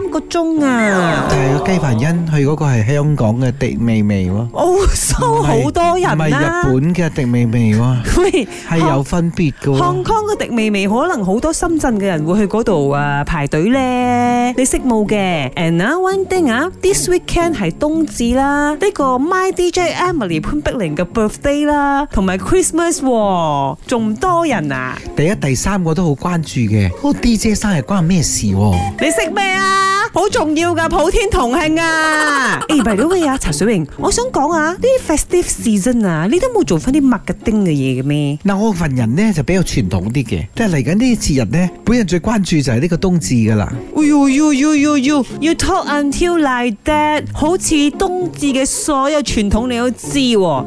三個鐘啊！但係雞凡欣佢嗰個係香港嘅迪味味喎，收好多人啊！唔係日本嘅迪味味喎，係有分別㗎喎。香港嘅迪味味可能好多深圳嘅人會去嗰度啊排隊咧。你識冇嘅？誒，嗱，One Ding 啊，This weekend 係冬至啦，呢個 My DJ Emily 潘碧玲嘅 Birthday 啦，同埋 Christmas 喎，仲多人啊！第一、第三個都好關注嘅。哦，DJ 生日關咩事？你識咩啊？好重要噶，普天同慶啊！誒，by the way 啊，查水泳，我想講啊，呢啲 festive season 啊，你都冇做翻啲麥嘅丁嘅嘢嘅咩？嗱，我份人咧就比較傳統啲嘅，即係嚟緊啲節日咧，本人最關注就係呢個冬至噶啦。You you you, you, you you you talk until like that，好似冬至嘅所有傳統你都知。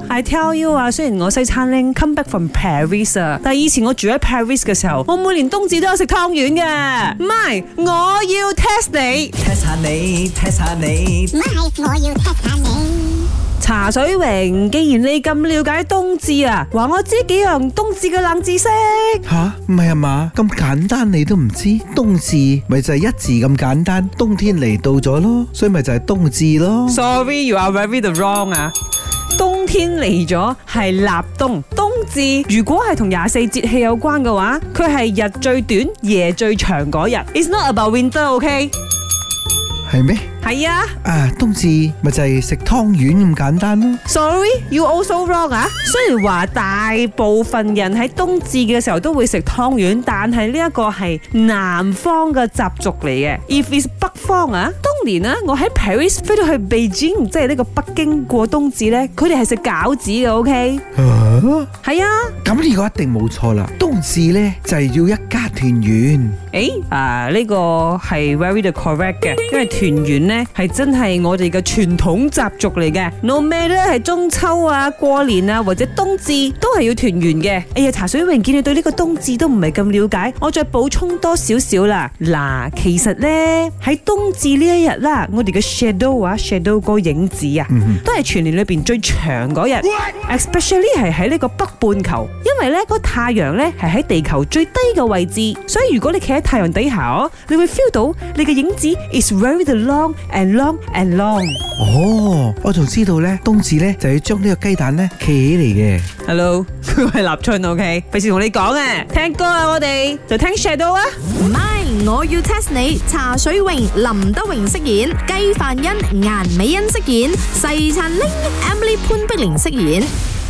I tell you 啊，雖然我西餐廳 come back from Paris 啊，但係以前我住喺 Paris 嘅時候，我每年冬至都有食湯圓嘅。唔係，我要 test 你。test 下你，test 下你，唔係我要 test 下你。茶水榮，既然你咁了解冬至啊，話我知幾樣冬至嘅冷知識？吓？唔係啊嘛？咁簡單你都唔知，冬至咪就係一字咁簡單，冬天嚟到咗咯，所以咪就係冬至咯。Sorry，you are very wrong 啊，冬天嚟咗係立冬，冬至如果係同廿四節氣有關嘅話，佢係日最短、夜最長嗰日。It's not about winter，OK？係咩？係啊！呀啊，冬至咪就係食湯圓咁簡單咯。Sorry，you also wrong 啊！雖然話大部分人喺冬至嘅時候都會食湯圓，但係呢一個係南方嘅習俗嚟嘅。If it's 北方啊，年啦，我喺 Paris 飛到去 Beijing，即係呢個北京過冬至咧，佢哋係食餃子嘅，OK？係啊，咁呢個一定冇錯啦。冬至咧就係要一家團圓。誒，啊呢個係 very the correct 嘅，因為團圓咧係真係我哋嘅傳統習俗嚟嘅。no matter 咧係中秋啊、過年啊或者冬至，都係要團圓嘅。哎呀，茶水榮，見你對呢個冬至都唔係咁了解，我再補充多少少啦。嗱，其實咧喺冬至呢一日。啦，我哋嘅 shadow 啊，shadow 個影子啊，都係全年裏邊最長嗰日，especially 係喺呢個北半球，因為咧個太陽咧係喺地球最低嘅位置，所以如果你企喺太陽底下哦，你會 feel 到你嘅影子 is very long and long and long。哦，我仲知道咧，冬至咧就要將呢個雞蛋咧企起嚟嘅。Hello，我係立春，OK，費事同你講啊，聽歌啊，我哋就聽 shadow 啊。我要 test 你，茶水榮、林德榮飾演，雞飯欣、顏美欣飾演，細陳玲、Emily 潘碧玲飾演。